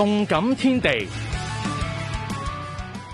動感天地，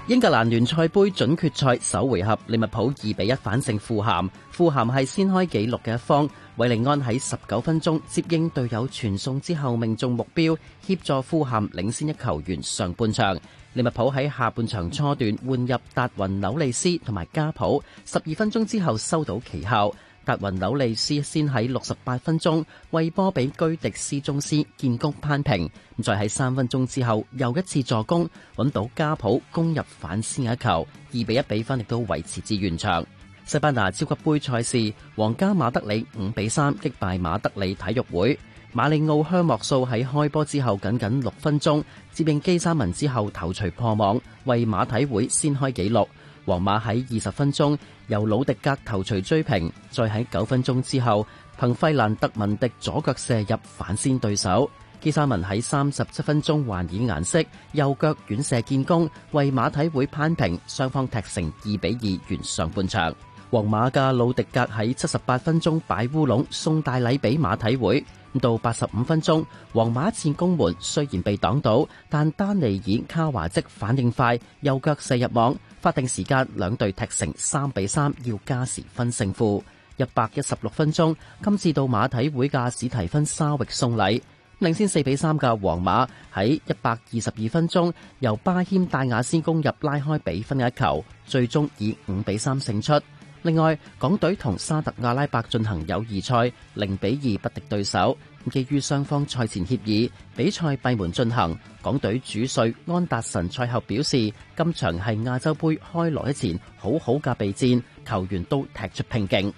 英格蘭聯賽盃準決賽首回合，利物浦二比一反勝富咸。富咸係先開紀錄嘅一方，韋利安喺十九分鐘接應隊友傳送之後命中目標，協助富咸領先一球員上半場。利物浦喺下半場初段換入達雲紐利斯同埋加普，十二分鐘之後收到奇效。達雲紐利斯先喺六十八分鐘為波比居迪斯鐘斯建功扳平，再喺三分鐘之後又一次助攻揾到加普攻入反先一球，二比一比分亦都維持至完場。西班牙超級盃賽事，皇家馬德里五比三擊敗馬德里體育會。馬里奧香莫素喺開波之後僅僅六分鐘接應基沙文之後頭槌破網，為馬體會先開紀錄。皇馬喺二十分鐘由魯迪格頭槌追平，再喺九分鐘之後，憑費蘭德文迪左腳射入反先對手。基沙文喺三十七分鐘還以顏色，右腳遠射建功，為馬體會攀平，雙方踢成二比二完上半場。皇馬嘅魯迪格喺七十八分鐘擺烏龍，送大禮俾馬體會。到八十五分鐘，皇馬前攻門雖然被擋到，但丹尼爾卡華即反應快，右腳射入網。法定時間兩隊踢成三比三，要加時分勝負。一百一十六分鐘，今次到馬體會嘅史提芬沙域送禮，領先四比三嘅皇馬喺一百二十二分鐘由巴謙戴雅先攻入拉開比分一球，最終以五比三勝出。另外，港隊同沙特阿拉伯進行友誼賽，零比二不敵對手。基於雙方賽前協議，比賽閉門進行。港隊主帥安達臣賽後表示，今場係亞洲杯開鑼之前，好好嘅備戰，球員都踢出拼勁。